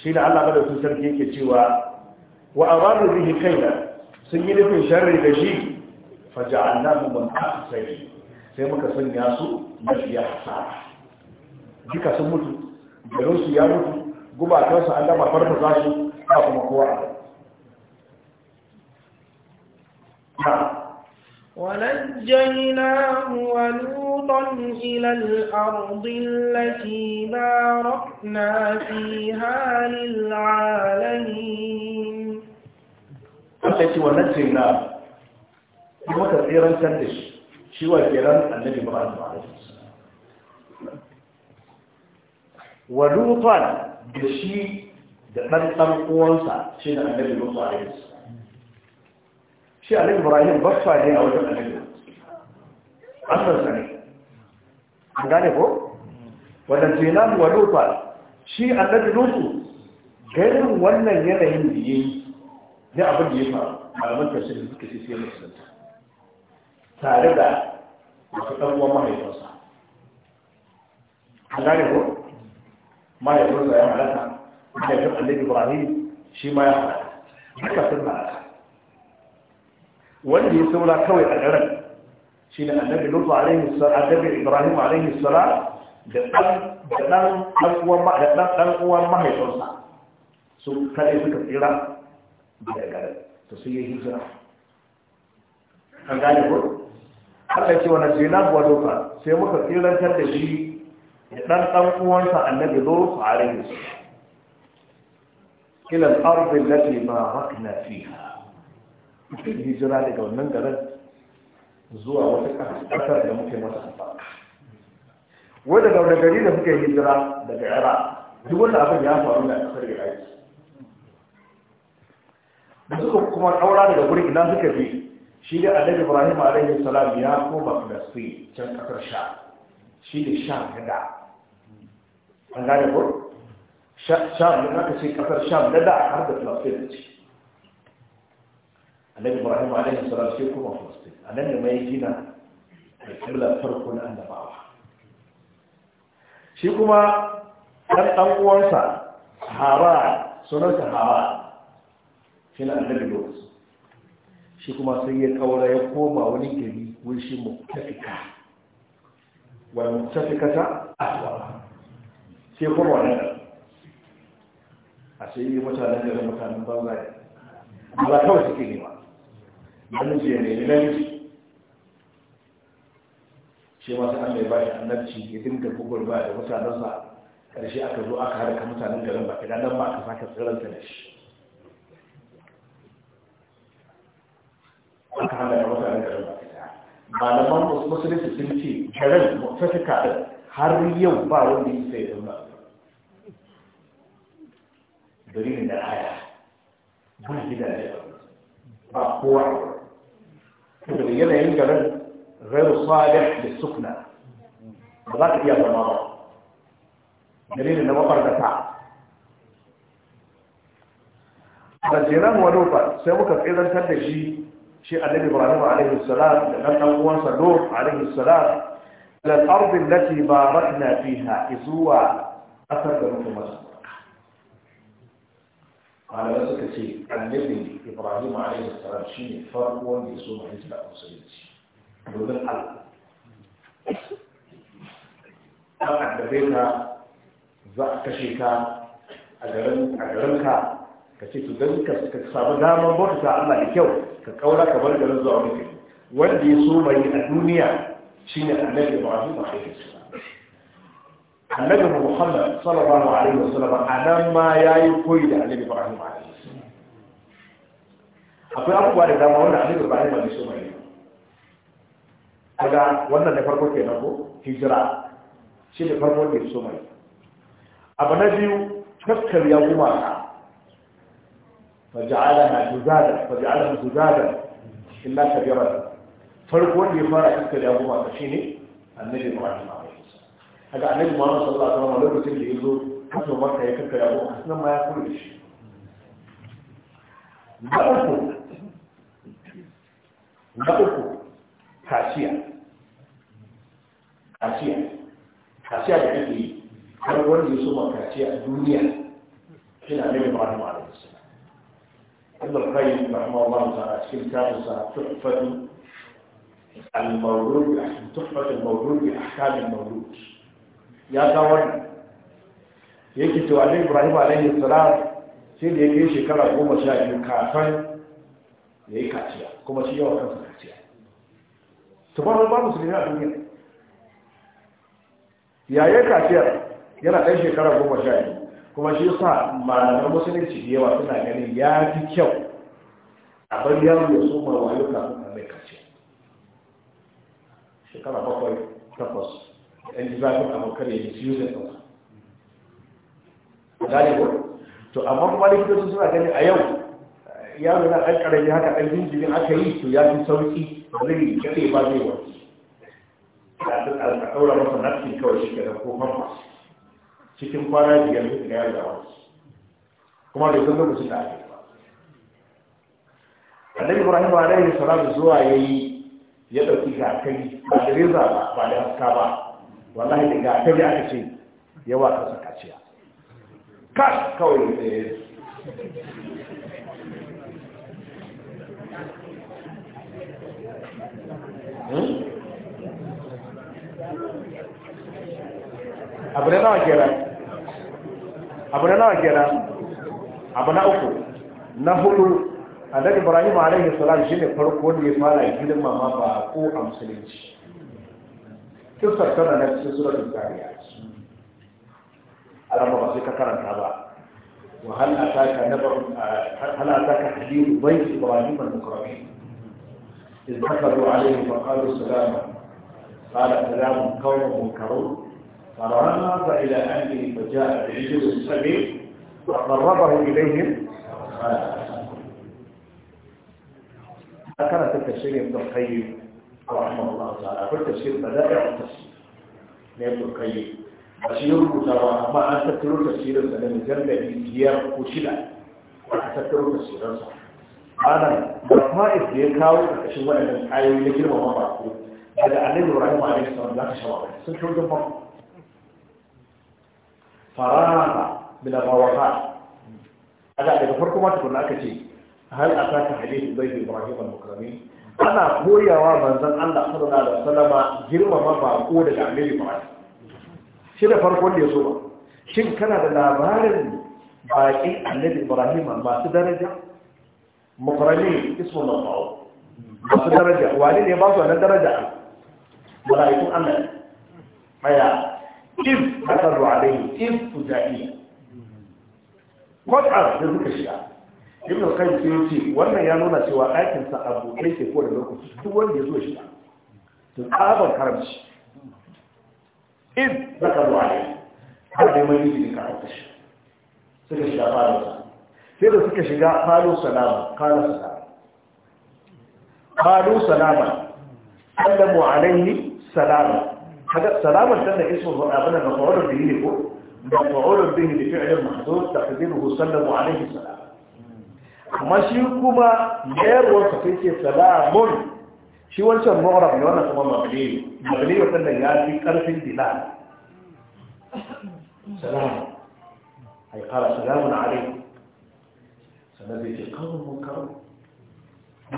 shi da Allah sun sarki yake cewa wa aradu bihi kaida sun yi nufin sharri da shi Faja faja'alnahu min asfali sai muka ya su mafiya hasara duka sun mutu garin su ya mutu gubatarsu an gama za su ba kuma kowa a ونجيناه ولوطا إلى الأرض التي باركنا فيها للعالمين التي ونجيناه يوم تسيرا تندش شوى كلام النبي إبراهيم عليه الصلاة والسلام ولوطا بشي da ɗan ɗan uwansa shi عليه الصلاة Musa شيء عليك إبراهيم بس فاعلين أول من أجله أصل سنة عندنا هو ولدينا ولوطا شيء عندنا لوط غير ولا يلا هندي يا أبو جيما ما لم تسير كسي سير مسلم تاردا وكتب وما يفسر عندنا هو ما يفسر يا ملاك ما يفسر عندنا إبراهيم شيء ما يفسر ما كتب ملاك wanda ya saura kawai a daren shi ne annabi lutu alaihi salam annabi ibrahim alaihi salam da dan da dan uwan mahaifinsa su kare suka tsira daga garin to sai ya hijira an gane ko Allah ce wannan zainab wa lutu sai muka tsirantar da shi da dan dan uwansa annabi lutu alaihi salam ila al-ardi allati barakna fiha hijira daga wannan garin zuwa wata ƙasar da muke masa albarka wadda daga gari da suka hijira daga yara duk wanda abin ya faru da ƙasar iraki da suka kuma ƙaura daga wurin ina suka bi shi da annabi ibrahim alaihi salam ya koma filastin can ƙasar sha shi da sha gada an gane ko sha da aka ce ƙasar sha gada har da filastin ce annabi ibrahim alaihi salam sai kuma falastin a nan da mai gina da kibla farko na annabawa shi kuma ɗan ɗan uwansa hara sa hara shi na annabi lot shi kuma sai ya kaura ya koma wani gari wani shi muktafika wani ta ahwa sai kuma wani a sai yi mutanen da mutanen banza ne ba kawai suke nema ne ya nemi namiji shi ma sai Allah ya bashi annabci ya dinga gugur ba da mutanensa karshe aka zo aka harka mutanen garin ba idan nan ba aka saka tsiranta da shi aka hana da mutanen garin ba man musulunci sun ce garin mutafika din har yau ba wanda ya sai da dalilin da aya ba gidaje ba kowa saboda yanayin garin gairu salih da sukna ba za ka iya zama ba dalilin na mafarkata da jiran wani ba sai muka tsirantar da shi shi annabi ibrahim alaihi salam da dan dan uwansa lut alaihi salam lal ardi allati barakna fiha izuwa asar da mutum masu. malamai suka ce annabin ibrahim alaihi salam shi ne farko wanda ya so ma hijira a musulunci domin allah an addabe ka za a kashe ka a garin ka ka ce tudan ka samu damar bauta allah da kyau ka kaura ka bar garin zuwa wani wanda ya so mai a duniya shine annabi ibrahim alaihi salam annabi muhammad sallallahu alaihi wasallam nan ma ya yi koyi da annabi ibrahim alaihi akwai abubuwa da dama wanda annabi ibrahim alaihi wasallam ne kaga wannan da farko ke nan ko hijira shi da farko da so mai abu na biyu taskar ya kuma ka faja'ala na juzada faja'ala na juzada illa kabira farko wanda ya fara taskar ya kuma ka shine annabi ibrahim kaga annabi Muhammad sallallahu alaihi wasallam lokacin da yazo kaso maka ya kakkare abu nan ma ya kula da shi na uku na uku kashiya kashiya kashiya da ake yi har wanda ya so ma kashiya a duniya shi na annabi Muhammad sallallahu alaihi wasallam ابن القيم رحمه الله تعالى في كتابه تحفة المولود تحفة المولود بأحكام المولود ya kawo wannan yake to annabi ibrahim alaihi salam sai da yake shekara goma sha biyu kafin ya yi kaciya kuma shi yawan kansa kaciya to ba ba musulmi a duniya yayin kaciyar yana ɗan shekara goma sha biyu kuma shi sa malaman musulunci da yawa suna ganin ya fi kyau a bar yaro ya soma wayo kafin a mai kaciya shekara bakwai takwas ɗan ji zafin abokan ya ji ciwo da A gane ko to amma kuma likitoci suna gani a yau yaro na ɗan ƙarami haka ɗan jinjirin aka yi to ya fi sauƙi ba zai gaɗe ba zai warke a ɗaura masa nafsin kawai shi kenan ko famfa cikin kwana biyar zai ga yaro da warke kuma bai san lokacin da ake ba annabi ibrahim yi salatu zuwa yayi ya ɗauki ga kai ba da reza ba ba da haska ba wallahi da ga tabi aka ce yawa ka saka ciya kash kawai da ya hmm? abu na nawa kera abu na nawa kera abu na uku na hudu annabi ibrahim alaihi shi ne farko da ya fara gidan mama ba ko a musulunci كيف تذكرنا نفس سورة الزاريات ألم الله سيكا كان وهل أتاك نبر هل أتاك حديث ضيف إبراهيم المكرمين إذ دخلوا عليهم فقالوا سلاما قال سلام قوم منكرون فرمض إلى أهله فجاء بعجل السبيل وقربه إليهم قال ما كانت تلك ابن القيم رحمه الله تعالى في تفسير بدائع التفسير نيبو القيم أشير المتابعة ما أن تكتلوا تفسير الزلم جنب الإنسيار وشلع وأن تكتلوا تفسير الصحيح أنا بطائف ليكاو أشوى أن الحالي لجل وما بعقول بعد أن يقول رحمه عليه السلام لا تشوارك سنشو الجمهور فرانا من الروحات هذا اللي بفرقه ما تقول لك شيء هل أتاك حديث بيت إبراهيم المكرمين ana koyawa manzon Allah sallallahu alaihi wasallama girmama bako daga annabi Muhammad shi da farkon da yaso ba shin kana da labarin baƙin annabi Ibrahim masu daraja mukarrami ismu bawo. masu daraja wani ne ba su wannan daraja mala'ikun Allah aya if akaru alaihi if tujai qad'ar da suka shiga ibn qayyim sai ce wannan ya nuna cewa ɗakin sa abu ɗaya ke kowane lokaci duk wanda ya shi to tsabar haramci in zaka zo alai har da mai yi ka aika shi suka shiga falo sai da suka shiga falo salama kana salama falo salama sallamu alaihi salama حاجة سلامة سنة اسمه أبنى مفعول به هو مفعول به لفعل محدود تقديره سلم عليه السلام mashi kuma mayarwar su sai ce salamun shi wancan mu'rab ne wannan kuma mabni mabni wannan ya fi karfin dila salamun ai qala salamun alaykum sannan zai ce kawo mun kawo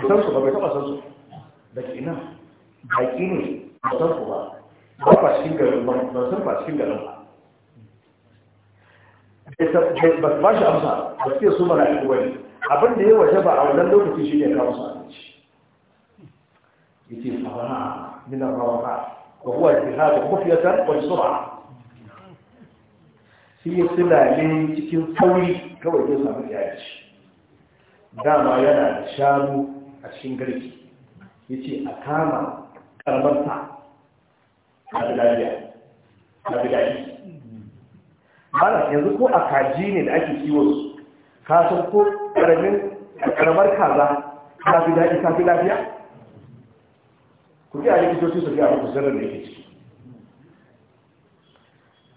san su ba bai taba san su da ina baki ne ba san su ba ba ba cikin garin ba ba san ba cikin garin ba ba ba shi amsa ba sai su mala'iku bane abin da ya waje ba a wannan lokacin shi ne kawo su abinci ya ce yake sabara min rawaha wa huwa jihadu khufyatan su ba shi ya silale cikin sauri kawai ya samu yaji dama yana da shanu a cikin garki ya ce a kama karbarsa a bilaliya a bilali mana yanzu ko a kaji ne da ake kiwo su kasar ko karamin karamar kaza ta fi daji ta fi lafiya ku ji a likitoci su ga abu zarar da yake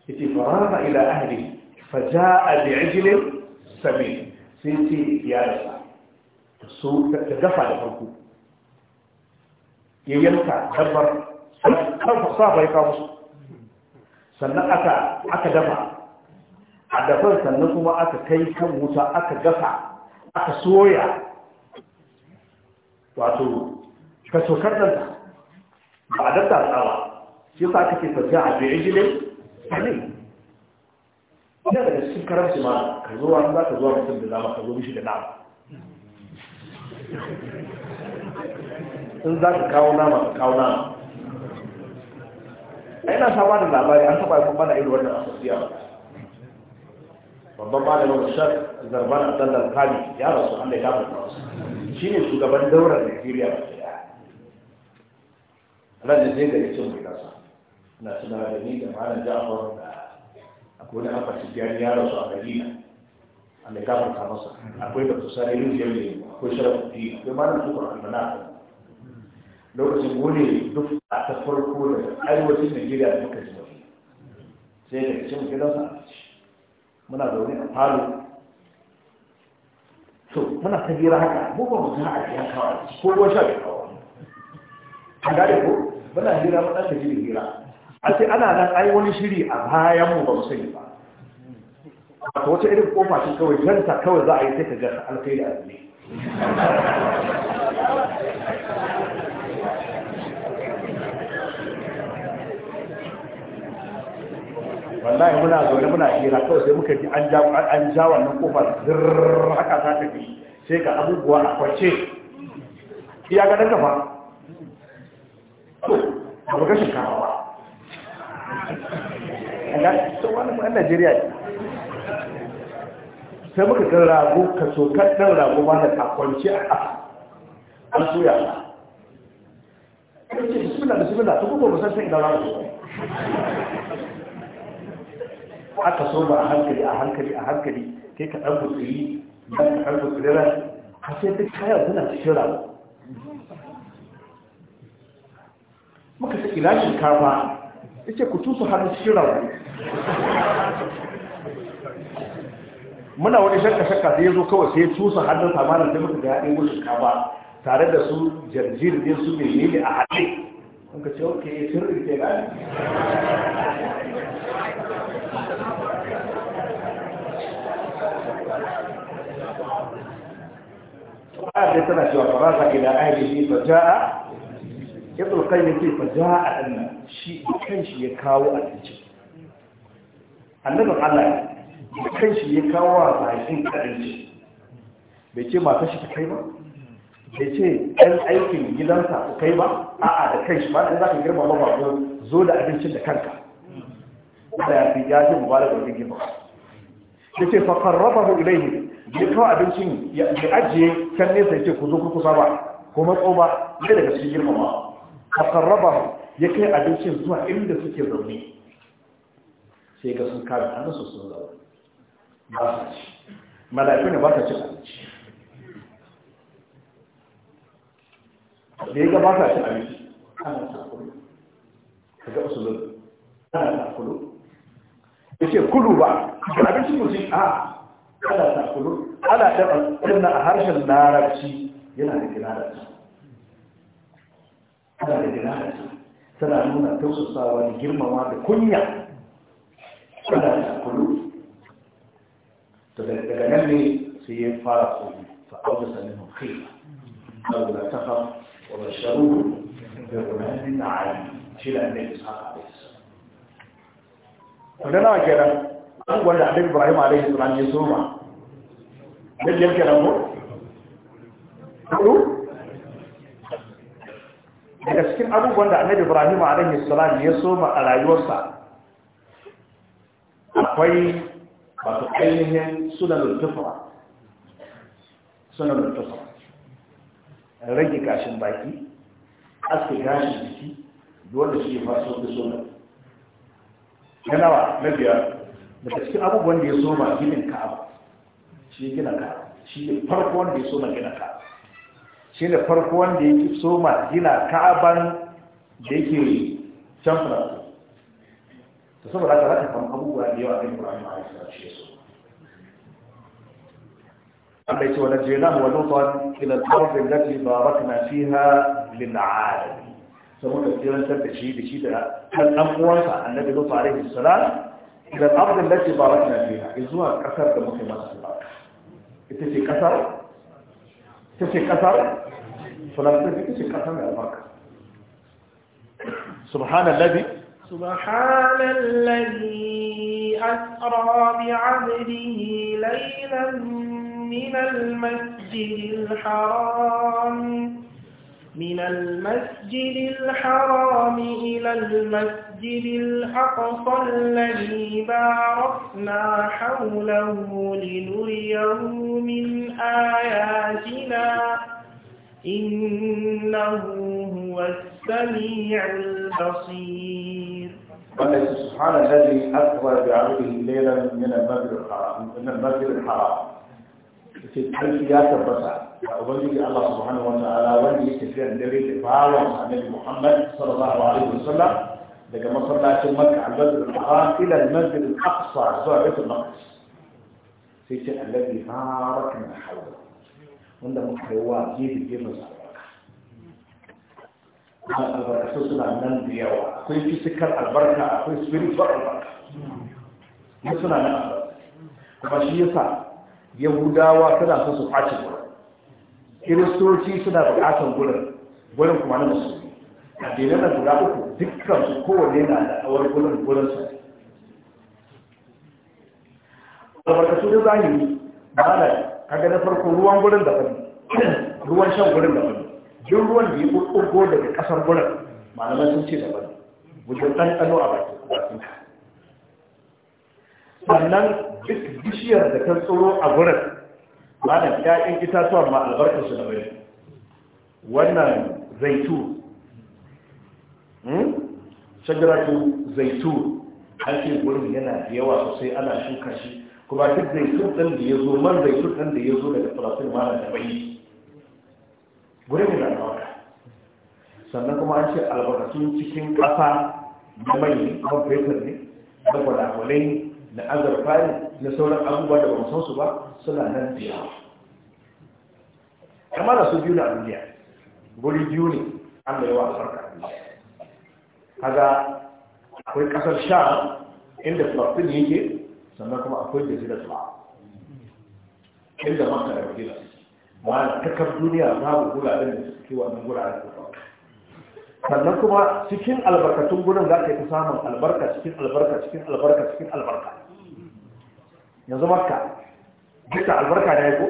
ciki yake farama ila ahli faja'a bi ajlin sami sai ce ya rasa so ta dafa da farko ya yanka dabbar kan sa bai kawo su sannan aka dafa a dafar sannan kuma aka kai kan wuta aka dafa aka soya wato ka tokar da ba a dabda tsawa shi sa kake tafiya a biyu jilin sanin ina daga cikin karanci ma ka zo an za ka zuwa mutum da zama ka zo mishi da na? in za ka kawo nama ka kawo nama ina sama da labari an taba yi kuma na irin wannan asusiyar babban malamin shaf zarban abdallah kali ya rasu an da ya rasu shi ne shugaban daular nigeria ba ta yaya ranar zai gari cin mai nasa na tunawa da ni da malam jafar da akwai wani aka ci biyar ya rasu a madina an da ya ta masa akwai da kusa da yin jirgin akwai sharafi akwai malam tukur almana lokacin gole duk a ta farko da arewacin nigeria da muka ji sai da cin gidansa a ci muna zaune a falo so muna ta hira haka mu ba mu san a ya kawo ko ruwan sha bai kawo an gane ko muna hira mu ɗan ta ji hira a ce ana nan ai wani shiri a bayan mu ba mu sani ba ta wata irin kofa ce kawai janta kawai za a yi sai ka ga alkhairi a ne wallahi muna zaune muna hira kawai sai muka ji an ja an ja wannan kofar zurr haka ta tafi sai ka abubuwa a kwace iya ga daga fa to ga shinkafa ba Allah to wannan mu Najeriya ne sai muka kan rago ka so ka dan rago ba da kwance a ƙasa an soya ka kace bismillah bismillah to ko ba san sai da rago aka ba a hankali a hankali a hankali kai ka ɗan ba ka ɗan gutsiri ran a sai duk kayan suna cikin ramu muka saki ila kafa ya ce ku tusu hannun cikin ramu muna wani shakka-shakka sai ya zo kawai sai ya hannun samanin da muka ga ya ɗin wucin kafa tare da su jarjir su mai a haɗe kuka ce ok sun rike gani ayar da tana cewa farasa ila ahlihi fa jaa ibn qayyim ce fa jaa annan shi kanshi ya kawo a cikin annabin Allah kanshi ya kawo a cikin kadin bai ce mata shi ta kai ba bai ce ɗan aikin gidansa su kai ba a'a da kai shi ba da za ka girma ba ba zo da abincin da kanka da ya fi ya ce da wajen girma ya ce fakar raba mu ilaihi ya kawo abincin ya ajiye kan nesa ya ce ku zo kurkusa ba ko matso ba ne daga cikin girma ba fakar raba ya kai abincin zuwa inda suke zaune sai ga sun hannun hannunsu sun zaune ba su ci malafi ne ba ta ci abinci da ya gabata shi abinci ana sakulu ka ga usulun ana sakulu ya ce kulu ba ga abincin mutum a ana sakulu ana ɗan a harshen larabci yana da gina da su ana da gina da su tana nuna tausasawa da girmama da kunya ana sakulu daga nan ne sai ya fara koyi fa'auta sanin khifa أو لا تخف وبشروه برمان تعالي شيل النبي اسحاق عليه السلام kenan abubuwan da annabi Ibrahim alaihi salam ya soma dan yanke nan ko daga cikin abubuwan da annabi Ibrahim alaihi salam ya soma a rayuwarsa akwai wato ainihin sunan al sunan rage kashin baki aske gashin jiki dole shi faso da soma na nawa na biyar daga cikin abubuwan da ya soma ginin ka'aba shi gina ka'aba shi ne farko wanda ya soma gina ka'aba shi ne farko wanda ya soma gina ka'aban da yake can fulani ta saboda haka rata kan abubuwa da yawa a kan ma'aikata shi ya shi so التي ونجيناه ولوطا إلى الأرض التي باركنا فيها للعالم سمونا كثيرا سبت شيء بشيء هل أمورك النبي لوط عليه السلام إلى الأرض التي باركنا فيها إذوها كثر كمقيمات الأرض تسي كثر تسي كثر فلسطين تسي كثر من البركة سبحان الذي سبحان الذي أسرى بعبده ليلا من المسجد الحرام من المسجد الحرام إلى المسجد الأقصى الذي باركنا حوله لنريه من آياتنا إنه هو السميع البصير قال سبحان الذي أقوى بعبده ليلا من المسجد الحرام من المسجد الحرام cikin ya tabbata da ubangiji Allah subhanahu wa ta'ala wanda ya tafiya da dare da bawan annabi Muhammad sallallahu alaihi wasallam daga masallacin Makka al-Badr al-Haram ila al-Masjid al-Aqsa zuwa Baitul Maqdis sai ce alladhi barakna hawla wanda muka yi wa gefe gefen sa kuma albarkatu suna nan da yawa akwai fisikar albarka akwai spiritual albarka kuma suna nan albarka kuma shi yasa yahudawa suna so su kwace gurin kiristoci suna bukatar gurin gurin kuma na A addinan na guda uku dukkan su kowanne na da awar gurin gurin sa albarkatu da zahiri ba na kaga na farko ruwan gurin da fadi ruwan shan gurin da fadi duk ruwan da ya kurkurgo daga kasar gurin malamai sun ce da fadi wajen ɗanɗano a bakin sannan duk bishiyar da ta tsoro a gurin malam ƴaƴan itatuwan ma albarkar su da bai wannan zaitu hmm? shagaratu zaitu an ce gurin yana da yawa sosai ana shuka shi kuma duk zaitun ɗan da ya zo man zaitun ɗan da ya zo daga falastin malam da bai gurin yana da waka sannan kuma an ce albarkatun cikin ƙasa na mai man fetur ne da gwada ne na azurfa na sauran abubuwa da ban san su ba suna nan biya Kama kamar da su biyu na duniya guri biyu ne an da yawa a farka kaga akwai kasar sha inda falastin yake sannan kuma akwai da jazirar zuwa inda maka da wajen ma takar duniya babu guraren da suke wannan gura da farka sannan kuma cikin albarkatun gudun za ka yi ta samun albarka cikin albarka cikin albarka cikin albarka yanzu makka gita albarka ne ko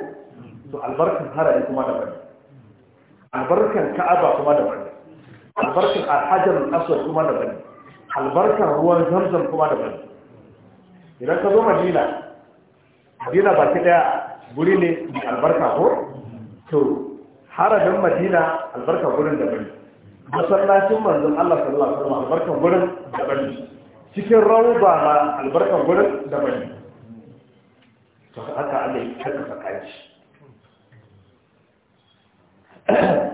to albarkan harari kuma da bane albarkan ka'aba kuma da bane albarkan alhajar aswad kuma da bane albarkan ruwan zamzam kuma da bane idan ka zo madina madina ba ta daya guri ne mai albarka ko to harajin madina albarka gurin da bane masallacin manzon Allah sallallahu alaihi wasallam albarkan gurin da bane cikin rawuba ma albarkan gurin da bane to haka Allah ya saka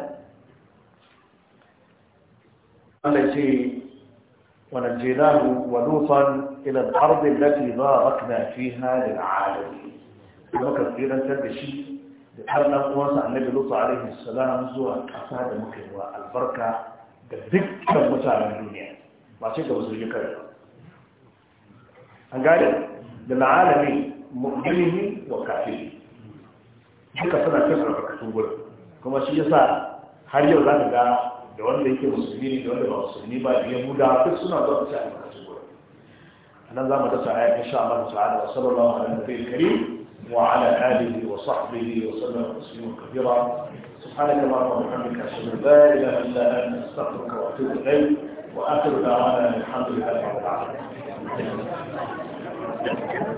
ونجيناه ولوطا إلى الأرض التي باركنا فيها للعالمين مكر في لن تلبشي لحرنا قواس عن نبي لوط عليه السلام زوى الأساد مكر والبركة بذكر مساعدة الدنيا ما شكا وزر يكرر أنقال للعالمين mu'minihi wa kafiri duka suna cin albarkatun gurin kuma shi yasa har yau za ka ga da wanda yake musulmi ne da wanda ba musulmi ba da yahuda duk suna zuwa cin albarkatun gurin a nan za mu dasa ayat insha Allah ta'ala wa sallallahu alaihi wa sallam karim wa ala alihi wa sahbihi wa sallam tasliman kabira سبحانك اللهم وبحمدك اشهد ان لا اله الا انت استغفرك واتوب اليك واخر دعوانا الحمد لله رب العالمين